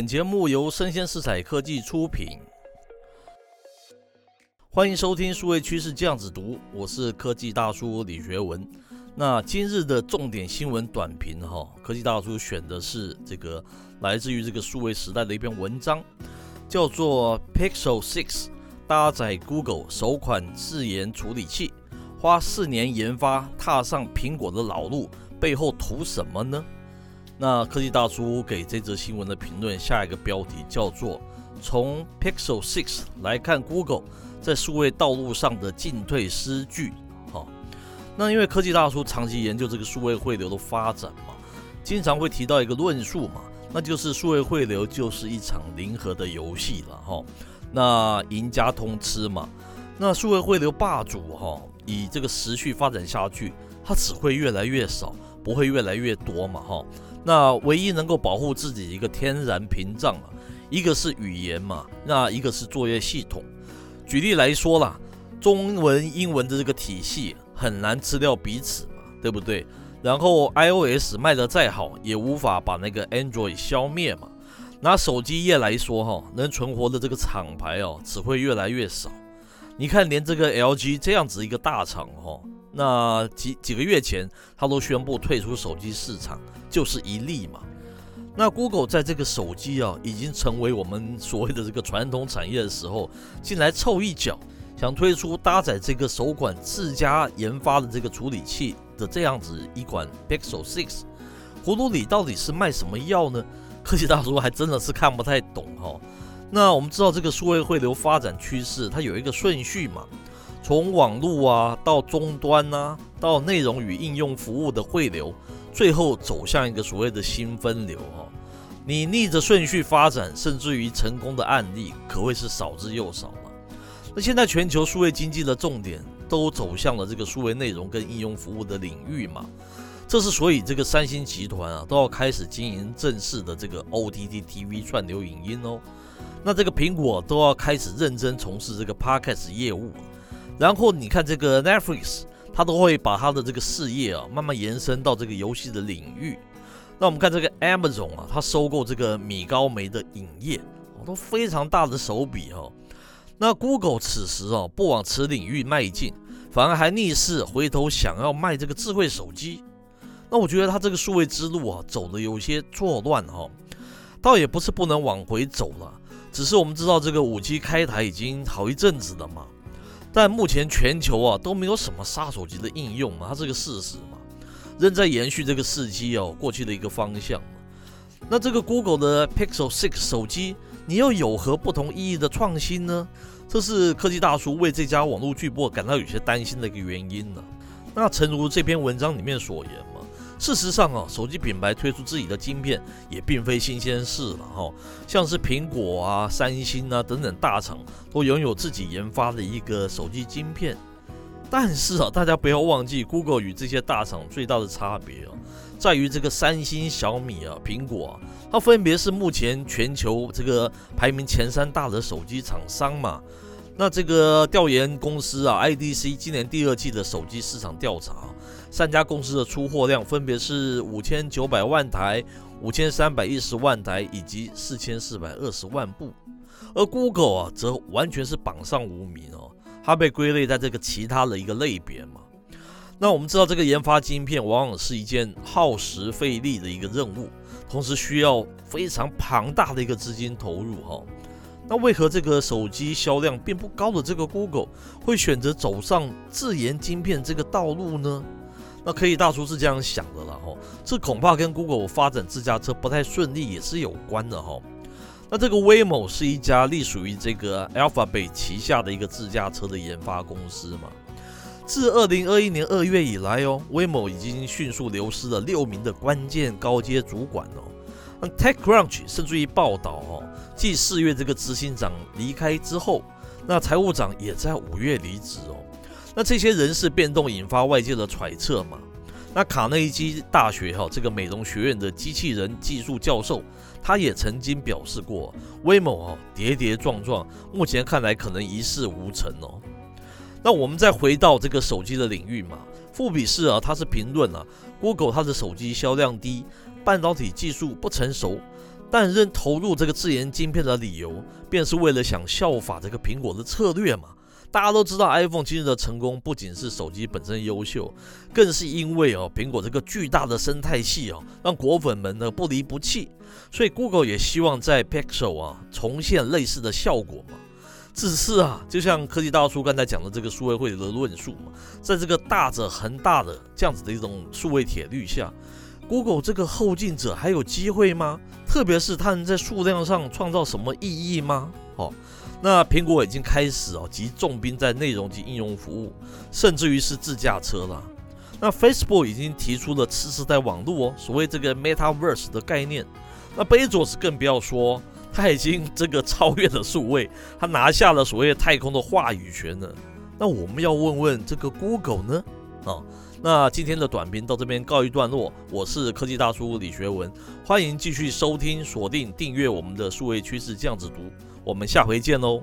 本節目由聲鮮時采科技出品，歡迎收聽數位趨勢醬子讀，我是科技大叔李學文。那今日的重點新聞短評哈，科技大叔選的是這個來自於這個數位時代的一篇文章，叫做 Pixel 6搭載 Google 首款自研處理器，花四年研發踏上蘋果的老路，背後圖什麼呢？那科技大叔給這則新聞的評論下一個標題叫做“從 Pixel 6來看 Google 在數位道路上的進退失據”。哈，那因為科技大叔長期研究這個數位匯流的發展嘛，經常會提到一個論述嘛，那就是數位匯流就是一場零和的遊戲了哈。那贏家通吃嘛，那數位匯流霸主哈，以這個時序發展下去，它只會越來越少，不會越來越多嘛哈。那唯一能夠保護自己一個天然屏障嘛，一個是語言嘛，那一個是作業系統。舉例來說啦，中文、英文的這個體系很難吃掉彼此嘛，對不對？然後 iOS 賣得再好，也無法把那個 Android 消滅嘛。拿手機業來說哈，能存活的這個廠牌哦，只會越來越少。你看，連這個 LG 這樣子一個大廠哈，那幾幾個月前，他都宣布退出手機市場。就是一例嘛。那 Google 在這個手機啊，已經成為我們所謂的這個傳統產業的時候，進來湊一腳，想推出搭載這個首款自家研發的這個處理器的這樣子一款 Pixel 6，葫蘆裡到底是賣什麼藥呢？科技大叔還真的是看不太懂哈、哦。那我們知道這個數位匯流發展趨勢，它有一個順序嘛，從網絡啊到終端吶、啊，到內容與應用服務的匯流。最後走向一個所謂的新分流哈、哦，你逆着順序發展，甚至於成功的案例可謂是少之又少嘛。那現在全球數位經濟的重點都走向了這個數位內容跟應用服務的領域嘛，這是所以這個三星集團啊都要開始經營正式的這個 OTT TV 串流影音哦。那這個蘋果都要開始認真從事這個 Podcast 業務，然後你看這個 Netflix。他都會把他的這個事業啊，慢慢延伸到這個遊戲的領域。那我們看這個 Amazon 啊，他收購這個米高梅的影業，都非常大的手筆哦。那 Google 此時啊，不往此領域邁進，反而還逆勢回頭想要賣這個智慧手機。那我覺得他這個數位之路啊，走得有些錯亂哈、哦。倒也不是不能往回走了，只是我們知道這個五 G 開台已經好一陣子了嘛。.但目前全球啊都沒有什麼殺手級的應用嘛，它是個事實嘛，仍在延續這個世紀哦、啊、過去的一個方向嘛。那這個 Google 的 Pixel 6手機，你又有，有何不同意義的創新呢？這是科技大叔為這家網絡巨擘感到有些擔心的一個原因呢、啊。那誠如這篇文章裡面所言嘛。事實上啊，手機品牌推出自己的晶片也並非新鮮事了哈、哦。像是蘋果啊、三星啊等等大廠都擁有自己研發的一個手機晶片。但是啊，大家不要忘記，Google 與這些大廠最大的差別哦、啊，在於這個三星、小米啊、蘋果、啊，它分別是目前全球這個排名前三大的手機廠商嘛。那這個調研公司啊，IDC 今年第二季的手機市場調查啊，三家公司的出貨量分別是五千九百萬台、五千三百一十萬台以及四千四百二十萬部，而 Google 啊則完全是榜上無名哦啊，它被歸類在這個其他的一個類別嘛。那我們知道，這個研發晶片往往是一件耗時費力的一個任務，同時需要非常龐大的一個資金投入哈啊。那為何這個手機銷量並不高的這個 Google 會選擇走上自研晶片這個道路呢？那可以，大叔是這樣想的了哈、哦。這恐怕跟 Google 發展自駕車不太順利也是有關的哈、哦。那這個 Waymo 是一家隸屬於這個 Alphabet 旗下的一個自駕車的研發公司嘛，自2021年2月以來哦，Waymo 已經迅速流失了六名的關鍵高階主管哦。那 TechCrunch 甚至於報道哦，繼四月這個執行長離開之後，那財務長也在五月離職哦。那這些人事變動引發外界的揣測嘛。那卡內基大學哈、哦、這個美容學院的機器人技術教授，他也曾經表示過，Waymo 哦跌跌撞撞，目前看來可能一事無成哦。那我們再回到這個手機的領域嘛，富比士啊，它是評論啊 g o o g l e 它的手機銷量低，半導體技術不成熟，但仍投入這個自研晶片的理由，便是為了想效仿這個蘋果的策略嘛。大家都知道 iPhone 今日的成功，不僅是手機本身優秀，更是因為哦、啊，蘋果這個巨大的生態系哦、啊，讓果粉們呢不離不棄，所以 Google 也希望在 Pixel 啊重現類似的效果嘛。只是啊，就像科技大，大叔剛才講的這個數位會的論述嘛，在這個大者恆大的這樣子的一種數位鐵律下，Google 這個後進者還有機會嗎？特別是它能在數量上創造什麼意義嗎？哦，那蘋果已經開始哦、啊，集重兵在內容及應用服務，甚至於是自駕車了。那 Facebook 已經提出了次世代網絡哦，所謂這個 Metaverse 的概念。那 Bezos 更不要說。他已經這個超越了數位，他拿下了所謂太空的話語權呢？那我們要問問這個 Google 呢？啊、哦，那今天的短評到這邊告一段落。我是科技大叔李學文，歡迎繼續收聽、鎖定、訂閱我們的《數位趨勢這樣子讀》，我們下回見嘍。